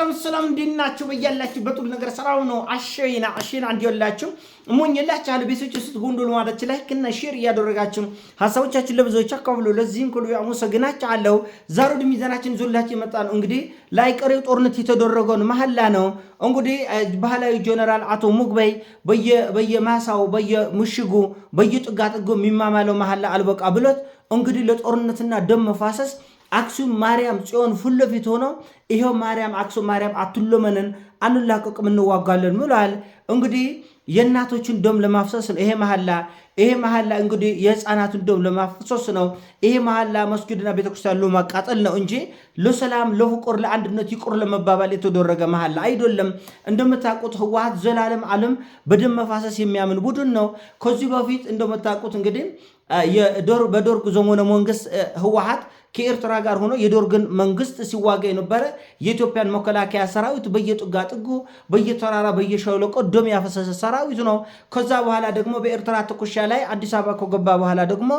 ሰላም ሰላም እንዴት ናችሁ? በያላችሁ በጡል ነገር ሰላም ነው። አሸይና አሸይና እንዲወላችሁ እሞኝላችሁ አለ ቤቶች ውስጥ ሁሉ ለማለት ላይክ እና ሼር እያደረጋችሁ ሀሳቦቻችን ለብዙዎች አካፍሉ። ለዚህም ሁሉ አመሰግናችሁ አለው። ዛሬ ወደ ሚዛናችን ዞላችሁ የመጣ ነው እንግዲህ ላይቀሬው ጦርነት የተደረገውን መሐላ ነው። እንግዲህ ባህላዊ ጀነራል አቶ ሙግበይ በየማሳው በየምሽጉ በየጥጋጥጎ የሚማማለው መሐላ አልበቃ ብሎት እንግዲህ ለጦርነትና ደም መፋሰስ አክሱም ማርያም ጽዮን ፊት ለፊት ሆኖ ይሄው ማርያም አክሱም ማርያም አትሎመንን አንላቀቅም እንዋጋለን ብሏል። እንግዲህ የእናቶችን ደም ለማፍሰስ ነው ይሄ መሐላ። ይሄ መሐላ እንግዲህ የህፃናትን ደም ለማፍሰስ ነው። ይሄ መሐላ መስጊድና ቤተክርስቲያን ለማቃጠል ነው እንጂ ለሰላም፣ ለፍቅር፣ ለአንድነት ይቁር ለመባባል የተደረገ መሐላ አይደለም። እንደምታውቁት ህወሓት ዘላለም ዓለም በደም መፋሰስ የሚያምን ቡድን ነው። ከዚህ በፊት እንደምታውቁት እንግዲህ በደርግ ዘመነ መንግስት ህወሓት ከኤርትራ ጋር ሆኖ የዶርግን መንግስት ሲዋጋ የነበረ የኢትዮጵያን መከላከያ ሰራዊት በየጥጋ ጥጉ በየተራራ በየሸለቆ ደም ያፈሰሰ ሰራዊት ነው። ከዛ በኋላ ደግሞ በኤርትራ ትኩሻ ላይ አዲስ አበባ ከገባ በኋላ ደግሞ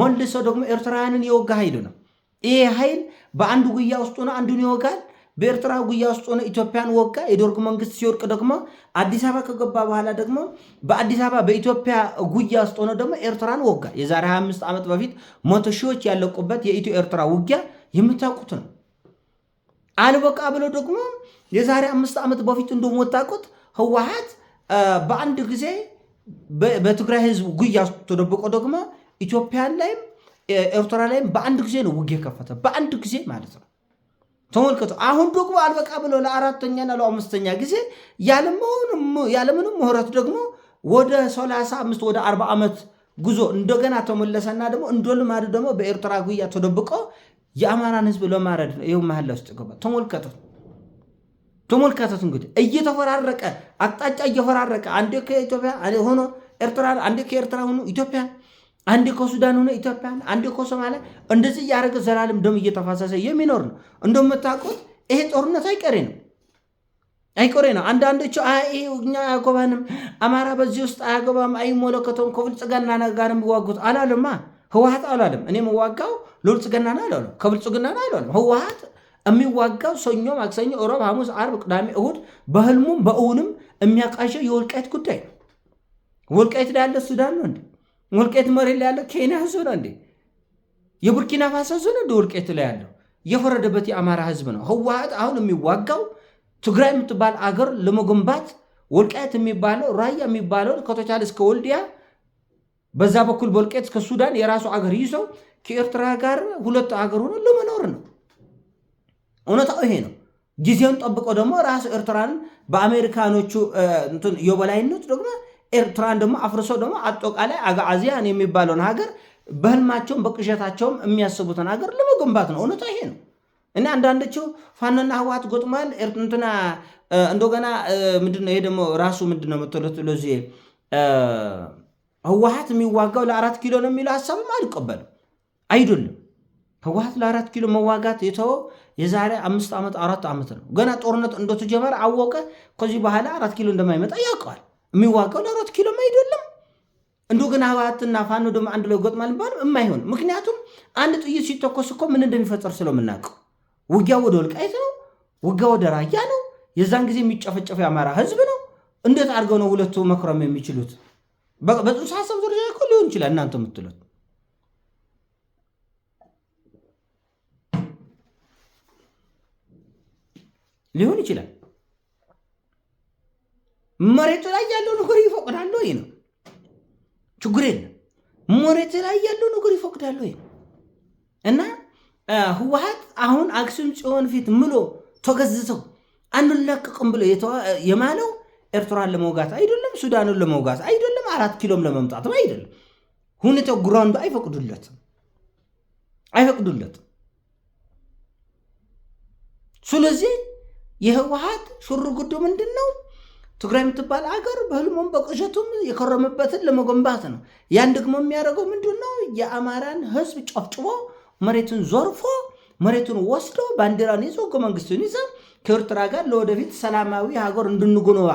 መልሶ ደግሞ ኤርትራውያንን የወጋ ኃይል ነው። ይሄ ኃይል በአንዱ ጉያ ውስጥ ሆኖ አንዱን ይወጋል። በኤርትራ ጉያ ውስጥ ሆነ ኢትዮጵያን ወጋ። የደርግ መንግስት ሲወድቅ ደግሞ አዲስ አበባ ከገባ በኋላ ደግሞ በአዲስ አበባ በኢትዮጵያ ጉያ ውስጥ ሆነ ደግሞ ኤርትራን ወጋ። የዛሬ 25 ዓመት በፊት መቶ ሺዎች ያለቁበት የኢትዮ ኤርትራ ውጊያ የምታውቁት ነው። አልበቃ ብሎ ደግሞ የዛሬ አምስት ዓመት በፊት እንደምታውቁት ህወሓት በአንድ ጊዜ በትግራይ ህዝብ ጉያ ውስጥ ተደብቆ ደግሞ ኢትዮጵያን ላይም ኤርትራ ላይም በአንድ ጊዜ ነው ውጊያ ከፈተ። በአንድ ጊዜ ማለት ነው። ተመልከቱ። አሁን ደግሞ አልበቃ ብሎ ለአራተኛና ለአምስተኛ ጊዜ ያለምንም ምህረት ደግሞ ወደ 35 ወደ 40 ዓመት ጉዞ እንደገና ተመለሰና ደግሞ እንደ ልማድ ደግሞ በኤርትራ ጉያ ተደብቆ የአማራን ህዝብ ለማረድ ነው። ይኸው መሀል ውስጥ ገባ። ተመልከቱት ተመልከቱት። እንግዲህ እየተፈራረቀ አቅጣጫ እየፈራረቀ አንዴ ከኢትዮጵያ ሆኖ ኤርትራ አንዴ ከኤርትራ ሆኖ ኢትዮጵያ አንዴ ከሱዳን ሆነ ኢትዮጵያ አለ፣ አንዴ ከሶማሊያ እንደዚህ እያደረገ ዘላለም ደም እየተፋሰሰ የሚኖር ነው። እንደምታውቁት ይሄ ጦርነት አይቀሬ ነው አይቆሬ ነው። አንዳንዶቹ እኛ አያጎባንም፣ አማራ በዚህ ውስጥ አያጎባም፣ አይመለከተውም ከብልጽግና ጋር የሚዋጉት አላለማ ህወሀት አላለም። እኔ የምዋጋው ለብልጽግና ነው አላሉ፣ ከብልጽግና ነው አላለም። ህወሀት የሚዋጋው ሰኞ፣ ማክሰኞ፣ ሮብ፣ ሐሙስ፣ አርብ፣ ቅዳሜ፣ እሁድ በህልሙም በእውንም የሚያቃሸው የወልቃይት ጉዳይ ነው። ወልቃይት ዳለ ሱዳን ነው እንዴ? ወልቃይት መሬት ላይ ያለው ኬንያ ህዝብ ነው እንዴ? የቡርኪና ፋሶ ህዝብ ነው እንደ ወልቃይት ላይ ያለው? የፈረደበት የአማራ ህዝብ ነው። ህወሓት አሁን የሚዋጋው ትግራይ የምትባል አገር ለመገንባት ወልቃይት የሚባለው ራያ የሚባለው ከተቻለ እስከ ወልዲያ በዛ በኩል በወልቃይት እስከ ሱዳን የራሱ አገር ይዞ ከኤርትራ ጋር ሁለቱ አገር ሆኖ ለመኖር ነው። እውነታው ይሄ ነው። ጊዜውን ጠብቆ ደግሞ ራሱ ኤርትራን በአሜሪካኖቹ የበላይነት ደግሞ ኤርትራን ደግሞ አፍርሶ ደግሞ አጠቃላይ አዚያን የሚባለውን ሀገር በህልማቸውም በቅዠታቸውም የሚያስቡትን ሀገር ለመገንባት ነው። እውነቱ ይሄ ነው። እና አንዳንዶቹ ፋኖና ህወሓት ጎጥሟል እንትና እንደገና ምንድነው ይሄ ደግሞ ራሱ ምንድነው መተለት ብሎ ህወሓት የሚዋጋው ለአራት ኪሎ ነው የሚለው ሀሳብም አልቀበልም። አይደለም ህወሓት ለአራት ኪሎ መዋጋት የተወው የዛሬ አምስት ዓመት አራት ዓመት ነው። ገና ጦርነት እንደተጀመረ አወቀ። ከዚህ በኋላ አራት ኪሎ እንደማይመጣ ያውቀዋል። የሚዋጋው ለአራት ኪሎም አይደለም። እንዶ ግን ህወሓትና ፋኖ ደሞ አንድ ላይ ጎጥ ማለት የማይሆን ምክንያቱም አንድ ጥይት ሲተኮስ እኮ ምን እንደሚፈጠር ስለምናውቀው ውጊያ ወደ ወልቃይት ነው፣ ውጊያ ወደ ራያ ነው። የዛን ጊዜ የሚጨፈጨፈ የአማራ ህዝብ ነው። እንዴት አድርገው ነው ሁለቱ መክረም የሚችሉት? በጽንሰ ሀሳብ ደረጃ እኮ ሊሆን ይችላል እናንተ የምትሉት ሊሆን ይችላል። መሬቱ ላይ ያለው ነገር ይፈቅዳሉ ወይ ነው ችግር የለም። መሬት ላይ ያለው ነገር ይፈቅዳሉ ወይ ነው እና ህወሓት አሁን አክሱም ጽዮን ፊት ምሎ ተገዝተው አንለቅቅም ብሎ የማለው ኤርትራን ለመውጋት አይደለም፣ ሱዳንን ለመውጋት አይደለም፣ አራት ኪሎም ለመምጣትም አይደለም። ሁኔታው ግራንዱ አይፈቅዱለትም አይፈቅዱለትም። ስለዚህ የህወሓት ሽርጉዱ ምንድን ነው? ትግራይ የምትባል አገር በህልሙም በቅዠቱም የከረመበትን ለመገንባት ነው። ያን ደግሞ የሚያደርገው ምንድን ነው? የአማራን ህዝብ ጨፍጭቦ መሬቱን ዘርፎ መሬቱን ወስዶ ባንዲራን ይዞ ህገ መንግስቱን ይዘ ከኤርትራ ጋር ለወደፊት ሰላማዊ ሀገር እንድንጉንባ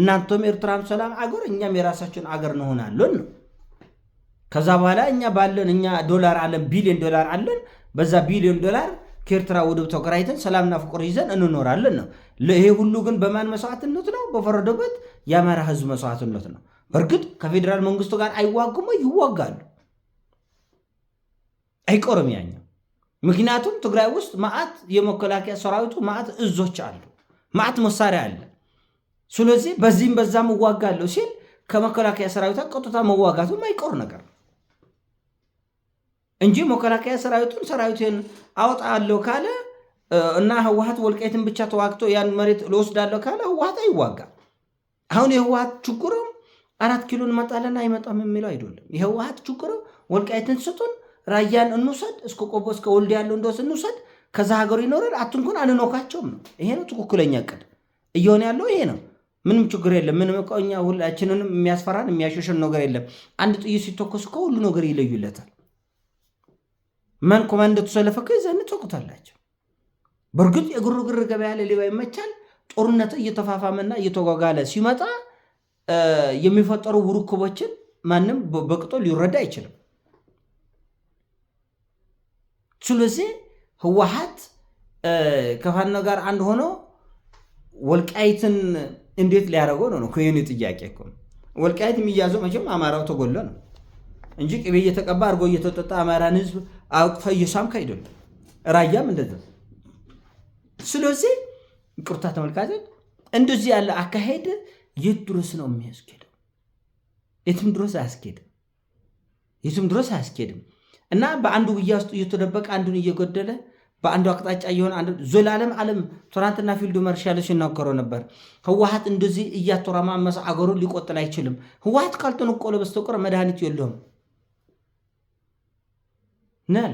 እናንተም ኤርትራን ሰላም አገር እኛም የራሳችን አገር እንሆናለን ነው። ከዛ በኋላ እኛ ባለን እኛ ዶላር አለን ቢሊዮን ዶላር አለን። በዛ ቢሊዮን ዶላር ከኤርትራ ወደብ ተከራይተን ሰላምና ፍቅር ይዘን እንኖራለን ነው። ይሄ ሁሉ ግን በማን መስዋዕትነት ነው? በፈረደበት የአማራ ህዝብ መስዋዕትነት ነው። በእርግጥ ከፌዴራል መንግስቱ ጋር አይዋጉም፣ ይዋጋሉ፣ አይቆርም ያኛው። ምክንያቱም ትግራይ ውስጥ ማዕት የመከላከያ ሰራዊቱ ማዕት እዞች አሉ፣ ማዕት መሳሪያ አለ። ስለዚህ በዚህም በዛም እዋጋለሁ ሲል ከመከላከያ ሰራዊት ቀጥታ መዋጋቱ አይቆር ነገር ነው። እንጂ መከላከያ ሰራዊቱን ሰራዊትን አወጣለሁ ካለ እና ህወሀት ወልቃይትን ብቻ ተዋግቶ ያን መሬት ልወስዳለሁ ካለ ህወሀት አይዋጋ። አሁን የህወሀት ችግሩም አራት ኪሎ እንመጣለን አይመጣም የሚለው አይደለም። የህወሀት ችግሩ ወልቃይትን ስጡን፣ ራያን እንውሰድ፣ እስከ ቆቦ እስከ ወልድ ያለው ድረስ እንውሰድ፣ ከዛ ሀገሩ ይኖረን፣ አትንኩን፣ አንኖካቸውም ነው። ይሄ ነው ትክክለኛ እቅድ እየሆነ ያለው ይሄ ነው። ምንም ችግር የለም። ምንም እኛ ሁላችንንም የሚያስፈራን የሚያሸሸን ነገር የለም። አንድ ጥይት ሲተኮስ እኮ ሁሉ ነገር ይለዩለታል። መን ኮማንድ ተሰለፈ እኮ የዛኔ ትወቁታላቸው። በእርግጥ የግርግር ገበያ ላይ ሌባ ይመቻል። ጦርነት እየተፋፋመና እየተጓጋለ ሲመጣ የሚፈጠሩ ውርክቦችን ማንም በቅጦ ሊረዳ አይችልም። ስለዚህ ህወሓት ከፋኖ ጋር አንድ ሆኖ ወልቃይትን እንዴት ሊያደርገው ነው? ነው ከየኔ ጥያቄ እኮ ወልቃይት የሚያዘው መቼም አማራው ተጎሎ ነው እንጂ ቅቤ እየተቀባ አድርጎ እየተጠጣ አማራን ህዝብ አውጥታ እየሳምክ አይደለም። ራያም እንደዛ። ስለዚህ ይቅርታ ተመልካቾች፣ እንደዚህ ያለ አካሄድ የት ድረስ ነው የሚያስኬደው? የትም ድረስ አያስኬድም። የትም ድረስ አያስኬድም። እና በአንዱ ብያ ውስጥ እየተደበቀ አንዱን እየጎደለ በአንዱ አቅጣጫ እየሆነ ዘላለም ዓለም ትናንትና ፊልዱ መርሻለ ሲናገረው ነበር። ህወሀት እንደዚህ እያተራማመሰ አገሩን ሊቆጥል አይችልም። ህወሀት ካልተነቆለ በስተቀር መድኃኒት የለውም። ነን።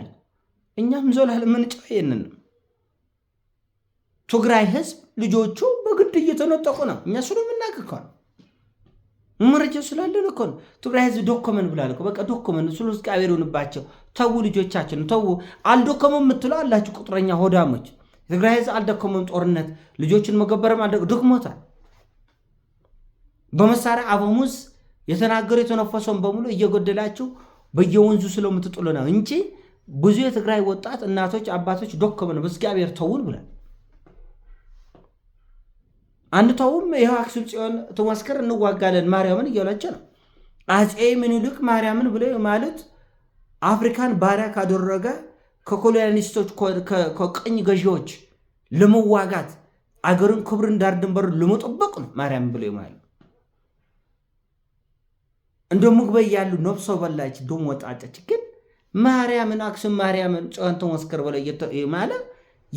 እኛም ዘላለም ምንጫው ይሄንን ትግራይ ህዝብ ልጆቹ በግድ እየተነጠቁ ነው። እኛ ስሉ የምናቅከው ነው መረጃው ስላለን እኮ ነው። ትግራይ ህዝብ ዶኮመን ብላል እኮ በቃ ዶኮመን ስሉ እግዚአብሔር ይሁንባቸው። ተዉ ልጆቻችን ተዉ። አልዶኮመም የምትለው አላችሁ ቁጥረኛ ሆዳሞች። ትግራይ ህዝብ አልደኮመም። ጦርነት ልጆችን መገበረም አልደ ድክሞታል። በመሳሪያ አበሙዝ የተናገሩ የተነፈሰውን በሙሉ እየጎደላችሁ በየወንዙ ስለምትጥሉ ነው እንጂ ብዙ የትግራይ ወጣት እናቶች፣ አባቶች ዶከመን በእግዚአብሔር ተውን ብለን አንድ ተውም ይኸው አክሱም ጽዮን ትመስክር እንዋጋለን ማርያምን እያላቸው ነው። አፄ ምኒልክ ማርያምን ብሎ ማለት አፍሪካን ባሪያ ካደረገ ከኮሎኒያሊስቶች ከቅኝ ገዢዎች ለመዋጋት አገርን ክብርን ዳር ድንበርን ለመጠበቅ ነው ማርያምን ብሎ ማለት እንደ ምግበይ ያሉ ነብሶ በላች ደም ወጣጨች ግን ማርያምን አክሱም ማርያምን ጨንተን ወስከር በለ ማለ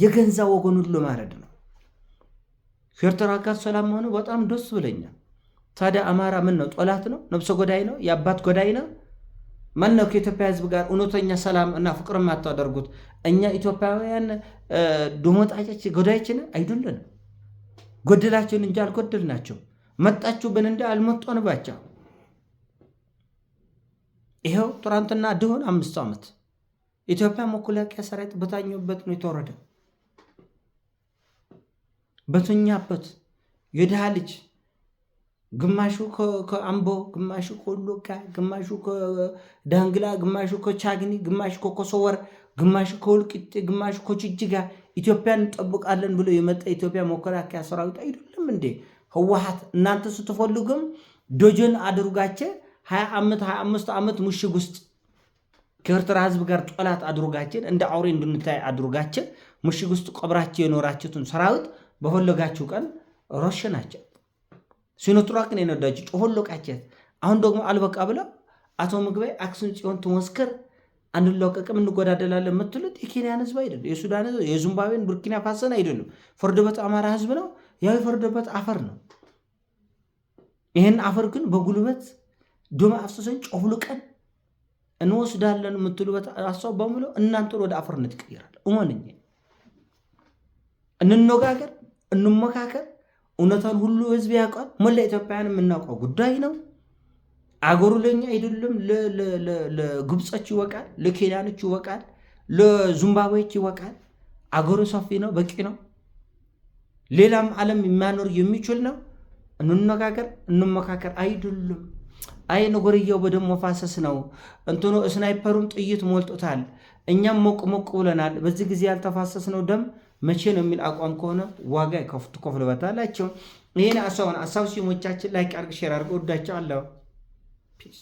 የገንዛ ወገን ሁሉ ማረድ ነው። ከኤርትራ ጋር ሰላም መሆኑ በጣም ደስ ብለኛል። ታዲያ አማራ ምን ነው? ጠላት ነው? ነብሰ ጎዳይ ነው? የአባት ጎዳይ ነው? ማን ነው ከኢትዮጵያ ሕዝብ ጋር እውነተኛ ሰላም እና ፍቅር የማታደርጉት? እኛ ኢትዮጵያውያን ዶሞጣጫች ጎዳይችን አይደለንም። ጎድላችን እንጂ አልጎደልናቸው። መጣችሁብን እንደ አልመጦንባቸው ይኸው ቱራንትና ድሆን አምስቱ ዓመት ኢትዮጵያ መከላከያ ሰራዊት በታኘበት ነው የተወረደ። በተኛበት የድሃ ልጅ ግማሹ ከአምቦ፣ ግማሹ ከወለጋ፣ ግማሹ ከዳንግላ፣ ግማሹ ከቻግኒ፣ ግማሹ ከኮሶወር፣ ግማሹ ከወልቂጤ፣ ግማሹ ከጅጅጋ ኢትዮጵያን እንጠብቃለን ብሎ የመጣ ኢትዮጵያ መከላከያ ሰራዊት አይደለም እንዴ? ህወሓት እናንተ ስትፈልጉም ዶጆን አድርጋቸ ሀያ ዓመት ሀያ አምስት ዓመት ምሽግ ውስጥ ከኤርትራ ህዝብ ጋር ጠላት አድርጋችን እንደ አውሬ እንድንታይ አድርጋችን ምሽግ ውስጥ ቆብራቸው የኖራችሁትን ሰራዊት በፈለጋችሁ ቀን ሮሸናቸው። ሲኖትራክን የነዳችሁ ጮሆሎቃቸት። አሁን ደግሞ አልበቃ ብለው አቶ ምግባይ አክሱም ጽዮን ትመስክር አንለቀቅም እንጎዳደላለን የምትሉት የኬንያን ህዝብ አይደለም፣ የሱዳን ህዝብ፣ የዚምባብዌን ቡርኪና ፋሰን አይደሉም። ፈርዶበት አማራ ህዝብ ነው። ያው የፈርዶበት አፈር ነው። ይህን አፈር ግን በጉልበት ደም አፍስሰን ጨፍልቀን እንወስዳለን የምትሉበት ሀሳብ በሙሉ እናንተን ወደ አፈርነት ይቀይራል። እመኑኝ። እንነጋገር፣ እንመካከር። እውነታን ሁሉ ህዝብ ያውቃል። መላ ኢትዮጵያን የምናውቀው ጉዳይ ነው። አገሩ ለኛ አይደለም፣ ለግብጾች ይወቃል፣ ለኬንያኖች ይወቃል፣ ለዚምባብዌዎች ይወቃል። አገሩ ሰፊ ነው፣ በቂ ነው። ሌላም ዓለም የሚያኖር የሚችል ነው። እንነጋገር፣ እንመካከር አይደሉም አይ ንጎርየው በደም መፋሰስ ነው። እንትኑ ስናይፐሩም ጥይት ሞልጦታል፣ እኛም ሞቅ ሞቅ ብለናል። በዚህ ጊዜ ያልተፋሰስ ነው ደም መቼ ነው የሚል አቋም ከሆነ ዋጋ ከፍቱ ትከፍሉበታላችሁ። ይህን አሳውን ሀሳብ ሲሞቻችን ላይ ቀርግ ሼር አድርገ ወዳቸው አለው ፒስ